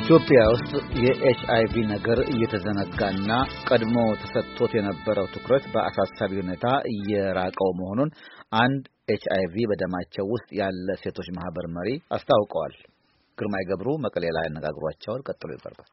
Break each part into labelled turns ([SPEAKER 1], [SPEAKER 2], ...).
[SPEAKER 1] ኢትዮጵያ ውስጥ የኤች አይ ቪ ነገር እየተዘነጋና ቀድሞ ተሰጥቶት የነበረው ትኩረት በአሳሳቢ ሁኔታ እየራቀው መሆኑን አንድ ኤች አይ ቪ በደማቸው ውስጥ ያለ ሴቶች ማህበር መሪ አስታውቀዋል። ግርማይ ገብሩ መቀሌ ላይ ቀጥሎ ይቀርባል።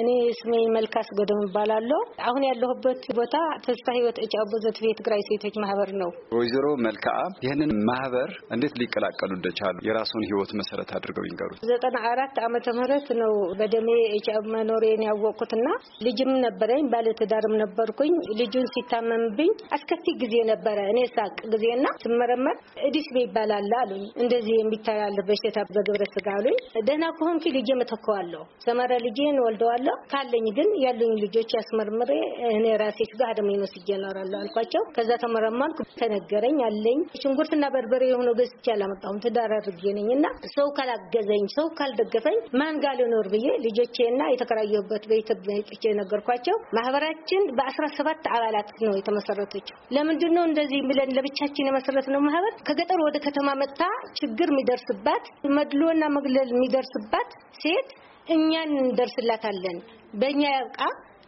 [SPEAKER 2] እኔ ስሜ መልካስ ጎደም እባላለሁ። አሁን ያለሁበት ቦታ ተስፋ ህይወት እጫ በዘት ትግራይ ሴቶች ማህበር ነው።
[SPEAKER 1] ወይዘሮ መልክዓ ይህንን ማህበር እንዴት ሊቀላቀሉ እንደቻሉ የራሱን ህይወት መሰረት አድርገው ይንገሩት።
[SPEAKER 2] ዘጠና አራት አመተ ምህረት ነው በደሜ እጫው መኖሬን ያወቅኩትና ልጅም ነበረኝ ባለትዳርም ነበርኩኝ። ልጁን ሲታመምብኝ አስከፊ ጊዜ ነበረ። እኔ ሳቅ ጊዜና ስመረመር እዲስ ይባላል አሉኝ። እንደዚህ የሚተላለፍ በሽታ በግብረ ስጋ አሉኝ። ደህና ከሆንኪ ልጄ መተከዋለሁ ሰመረ ልጄን ወልደዋለሁ እኖራለሁ። ካለኝ ግን ያሉኝ ልጆች ያስመርምሬ እኔ ራሴ ሹጋ ደግሞ ይመስጄ እኖራለሁ አልኳቸው። ከዛ ተመረማልኩ ተነገረኝ አለኝ። ሽንኩርትና በርበሬ የሆነ ገዝቼ አላመጣሁም። ትዳር አድርጌ ነኝ እና ሰው ካላገዘኝ፣ ሰው ካልደገፈኝ ማን ጋር ልኖር ብዬ ልጆቼና የተከራየሁበት ቤት ጥቼ ነገርኳቸው። ማህበራችን በአስራ ሰባት አባላት ነው የተመሰረተችው። ለምንድን ነው እንደዚህ ብለን ለብቻችን የመሰረት ነው ማህበር ከገጠር ወደ ከተማ መጥታ ችግር የሚደርስባት መድሎና መግለል የሚደርስባት ሴት እኛ እንደርስላታለን፣ በእኛ ያብቃ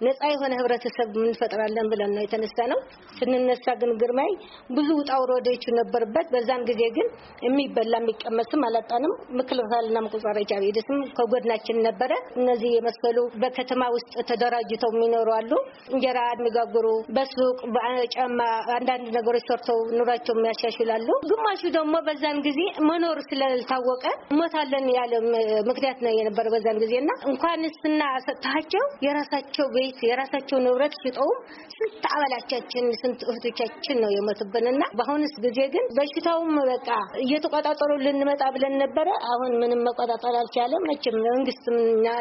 [SPEAKER 2] ነፃ የሆነ ህብረተሰብ እንፈጥራለን ብለን ነው የተነሳ ነው። ስንነሳ ግን ግርማይ ብዙ ውጣ ውረዶች ነበርበት። በዛን ጊዜ ግን የሚበላ የሚቀመስም አላጣንም። ምክልፋልና መቆጻረጫ ቤደስም ከጎድናችን ነበረ። እነዚህ የመሰሉ በከተማ ውስጥ ተደራጅተው የሚኖሩ አሉ። እንጀራ የሚጋግሩ በሱቅ በጫማ አንዳንድ ነገሮች ሰርተው ኑሯቸው የሚያሻሽላሉ። ግማሹ ደግሞ በዛን ጊዜ መኖር ስለታወቀ ሞታለን ያለ ምክንያት ነው የነበረ በዛን ጊዜና ስና ሰጥታቸው የራሳቸው ቤት የራሳቸው ንብረት ሽጠውም ስንት አባላቻችን ስንት እህቶቻችን ነው የሞቱብንና በአሁንስ ጊዜ ግን በሽታውም በቃ እየተቆጣጠሩ ልንመጣ ብለን ነበረ። አሁን ምንም መቆጣጠር አልቻለም። መቼም መንግስት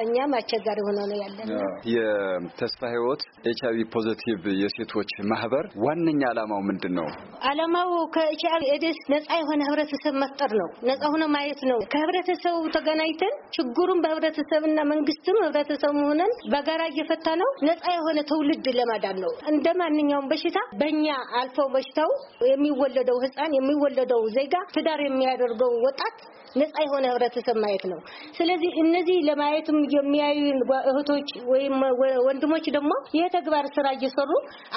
[SPEAKER 2] እኛም አስቸጋሪ ሆኖ ነው ያለን።
[SPEAKER 1] የተስፋ ህይወት ኤች አይቪ ፖዘቲቭ የሴቶች ማህበር ዋነኛ አላማው ምንድን ነው?
[SPEAKER 2] አላማው ከኤች አይቪ ኤድስ ነጻ የሆነ ህብረተሰብ መፍጠር ነው። ነጻ ሆነ ማየት ነው። ከህብረተሰቡ ተገናኝተን ችግሩን በህብረተሰብና መንግስትም ህብረተሰቡ ሆነን በጋራ እየፈታ ነው። ነፃ የሆነ ትውልድ ለማዳን ነው። እንደ ማንኛውም በሽታ በእኛ አልፈው በሽታው የሚወለደው ህፃን የሚወለደው ዜጋ ትዳር የሚያደርገው ወጣት ነፃ የሆነ ህብረተሰብ ማየት ነው። ስለዚህ እነዚህ ለማየትም የሚያዩ እህቶች ወይም ወንድሞች ደግሞ የተግባር ስራ እየሰሩ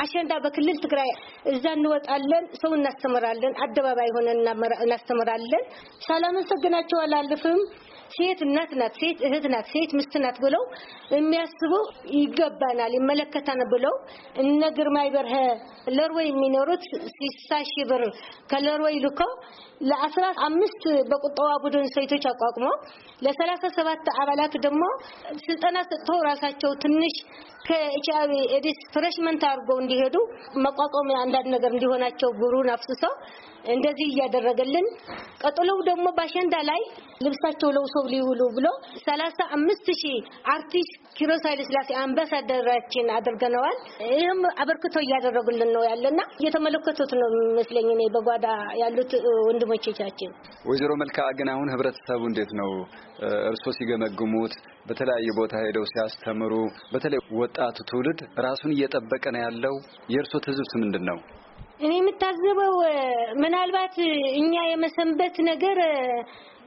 [SPEAKER 2] አሸንዳ በክልል ትግራይ እዛ እንወጣለን፣ ሰው እናስተምራለን፣ አደባባይ ሆነን እናስተምራለን። ሳላመሰግናቸው አላልፍም። ሴት እናት ናት፣ ሴት እህት ናት፣ ሴት ምስት ናት ብለው የሚያስቡ ይገባናል፣ ይመለከታን ብለው እነ ግርማይ ለርወይ የሚኖሩት ስልሳ ሺህ ብር ከለርወይ ልከው ለአስራ አምስት በቁጠባ ቡድን ሴቶች አቋቁሞ ለሰላሳ ሰባት አባላት ደግሞ ስልጠና ሰጥተው ራሳቸው ትንሽ ከኤችአይቪ ኤዲስ ፍሬሽመንት አድርገው እንዲሄዱ መቋቋም አንዳንድ ነገር እንዲሆናቸው ብሩን አፍስሰው እንደዚህ እያደረገልን፣ ቀጥለው ደግሞ በአሸንዳ ላይ ልብሳቸው ለውሰው ሊውሉ ብሎ ሰላሳ አምስት ሺህ አርቲስት ኪሮስ ኃይለስላሴ አምባሳደራችን አድርገነዋል። ይህም አበርክቶ እያደረጉልን ነው ያለና እየተመለከቱት ነው የሚመስለኝ እኔ በጓዳ ያሉት ወንድሞቻችን።
[SPEAKER 1] ወይዘሮ መልካ ግን አሁን ህብረተሰቡ እንዴት ነው እርሶ ሲገመግሙት፣ በተለያየ ቦታ ሄደው ሲያስተምሩ በተለይ ወጣቱ ትውልድ ራሱን እየጠበቀ ነው ያለው? የእርስዎ ትዝብት ምንድን ነው?
[SPEAKER 2] እኔ የምታዘበው ምናልባት እኛ የመሰንበት ነገር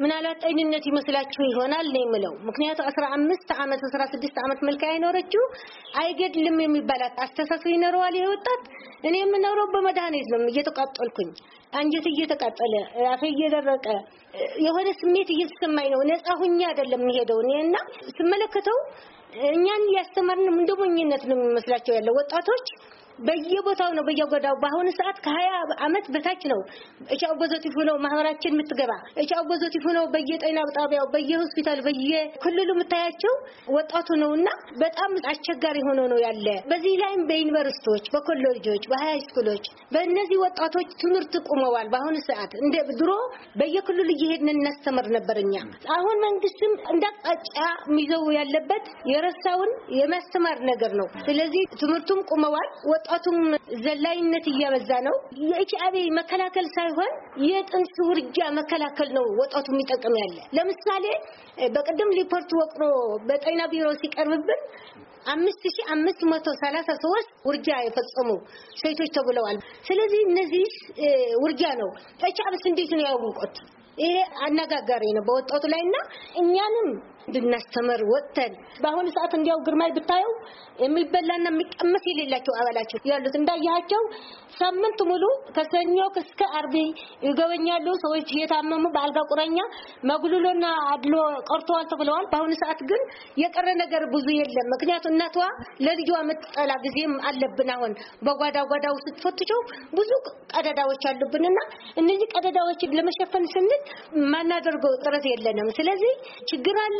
[SPEAKER 2] ምናልባት ጠይነት ይመስላችሁ ይሆናል ነው የምለው። ምክንያቱ 15 ዓመት 16 ዓመት መልካ አይኖረችው አይገድልም የሚባላት አስተሳሰብ ይኖረዋል ይሄ ወጣት። እኔ የምኖረው በመድኃኒት ነው፣ እየተቃጠልኩኝ፣ አንጀት እየተቃጠለ፣ አፌ እየደረቀ የሆነ ስሜት እየተሰማኝ ነው። ነፃ ሁኛ አይደለም የሚሄደው እኔ እና ስመለከተው እኛ እያስተማርን እንደ ሞኝነት ነው የሚመስላቸው ያለው ወጣቶች በየቦታው ነው በየጎዳው። በአሁኑ ሰዓት ከሀያ አመት በታች ነው ኤችአይቪ ፖዘቲቭ ሆነው ማህበራችን የምትገባ ኤችአይቪ ፖዘቲቭ ሆነው በየጤና ጣቢያው፣ በየሆስፒታል፣ በየክልሉ የምታያቸው ወጣቱ ነውና በጣም አስቸጋሪ ሆኖ ነው ያለ። በዚህ ላይም በዩኒቨርሲቲዎች፣ በኮሌጆች፣ በሃይ ስኩሎች በእነዚህ ወጣቶች ትምህርት ቁመዋል። በአሁኑ ሰዓት እንደ ድሮ በየክልሉ እየሄድን እናስተምር ነበር እኛ። አሁን መንግስትም አቅጣጫ ሚዘው ያለበት የረሳውን የማስተማር ነገር ነው። ስለዚህ ትምህርቱም ቁመዋል። ወጣቱም ዘላይነት እያበዛ ነው። የኤች አይ ቪ መከላከል ሳይሆን የጥንስ ውርጃ መከላከል ነው ወጣቱ የሚጠቅም ያለ። ለምሳሌ በቅድም ሪፖርት ወቅሮ በጤና ቢሮ ሲቀርብብን አምስት ሺህ አምስት መቶ ሰላሳ ሰዎች ውርጃ የፈጸሙ ሴቶች ተብለዋል። ስለዚህ እነዚህ ውርጃ ነው። ኤች አይ ቪስ እንዴት ነው ያውቁት? ይሄ አነጋጋሪ ነው በወጣቱ ላይ እና እኛንም እንድናስተምር ወጥተን በአሁኑ ሰዓት እንዲያው ግርማይ ብታየው የሚበላና የሚቀመስ የሌላቸው አባላቸው ያሉት እንዳያቸው ሳምንት ሙሉ ከሰኞ እስከ አርብ ይገበኛሉ። ሰዎች እየታመሙ በአልጋ ቁረኛ መጉልሎና አድሎ ቀርተዋል ተብለዋል። በአሁኑ ሰዓት ግን የቀረ ነገር ብዙ የለም። ምክንያቱ እናቷ ለልጇ የምትጠላ ጊዜም አለብን። አሁን በጓዳ ጓዳው ስትፈትቸው ብዙ ቀደዳዎች አሉብንና እነዚህ ቀደዳዎች ለመሸፈን ስንል ማናደርገው ጥረት የለንም። ስለዚህ ችግር አለ።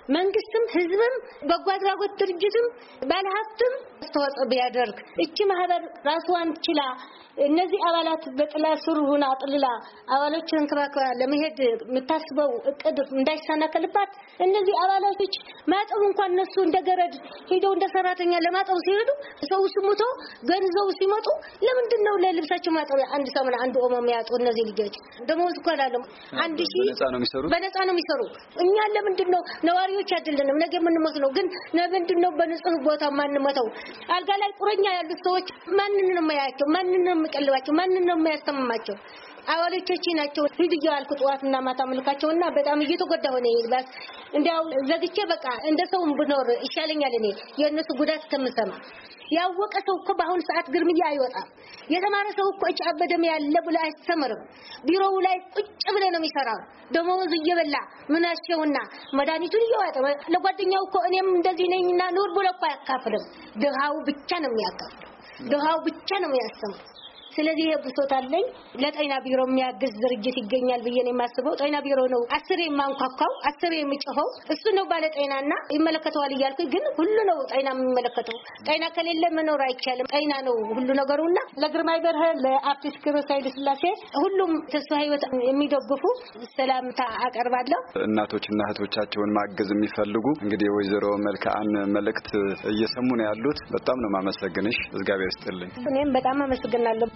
[SPEAKER 2] መንግስትም ህዝብም በጎ አድራጎት ድርጅትም ባለሀብትም አስተዋጽኦ ቢያደርግ እቺ ማህበር ራስዋን ችላ እነዚህ አባላት በጥላ ስር ሆና አጥልላ አባሎች እንክባክባ ለመሄድ የምታስበው እቅድ እንዳይሰናከልባት እነዚህ አባላቶች ማጠብ እንኳን እነሱ እንደገረድ ሄደው እንደ ሰራተኛ ለማጠብ ሲሄዱ ሰው ስሙቶ ገንዘው ሲመጡ ለምንድን ነው ለልብሳቸው ማጠቢያ አንድ ሳሙና አንድ ኦሞ የሚያጡ እነዚህ ልጆች ደሞዝ እንኳን አለ አንድ ሺህ በነፃ ነው የሚሰሩ እኛ ለምንድን ነው ነዋሪዎች ጤነኞች አይደለንም። ነገ የምንሞት ግን ነው በንጹህ ቦታ ማንሞተው? አልጋ ላይ ቁረኛ ያሉት ሰዎች ማንን ነው የማያቸው? ማንን ነው የሚቀልባቸው? ማንን ነው የሚያስተምማቸው? አዋሎቾች ናቸው። ሂድ እያልኩ ጠዋትና ማታ መልካቸውና በጣም እየተጎዳ ሆነ። ይልባስ እንዲያው ዘግቼ በቃ እንደ ሰውም ብኖር ይሻለኛል። እኔ የእነሱ ጉዳት ከምሰማ ያወቀ ሰው እኮ በአሁኑ ሰዓት ግርምያ አይወጣም። የተማረ ሰው እኮ እጭ አበደም ያለ ብሎ አይሰምርም። ቢሮው ላይ ቁጭ ብለ ነው የሚሰራው። ደሞዝ እየበላ ምን አሸውና መድኃኒቱን እየዋጠ ለጓደኛው እኮ እኔም እንደዚህ ነኝና ኑር ብሎ እኮ አያካፍልም። ድሃው ብቻ ነው የሚያካፍለው። ድሃው ብቻ ነው የሚያሰማው። ስለዚህ ይሄ ብሶት አለኝ። ለጤና ቢሮ የሚያግዝ ድርጅት ይገኛል ብዬ ነው የማስበው። ጤና ቢሮ ነው አስር የማንኳኳው አስር የሚጮኸው እሱ ነው ባለ ጤናና ይመለከተዋል እያልኩ ግን ሁሉ ነው ጤና የሚመለከተው። ጤና ከሌለ መኖር አይቻልም። ጤና ነው ሁሉ ነገሩና ለግርማይ በርሀ ለአርቲስት ክብረ ኃይለ ሁሉም ተስፋ ህይወት የሚደግፉ ሰላምታ አቀርባለሁ።
[SPEAKER 1] እናቶችና እህቶቻቸውን ማገዝ የሚፈልጉ እንግዲህ የወይዘሮ መልካም መልእክት እየሰሙ ነው ያሉት። በጣም ነው ማመሰግንሽ። እግዚአብሔር ይስጥልኝ።
[SPEAKER 2] እኔም በጣም አመሰግናለሁ።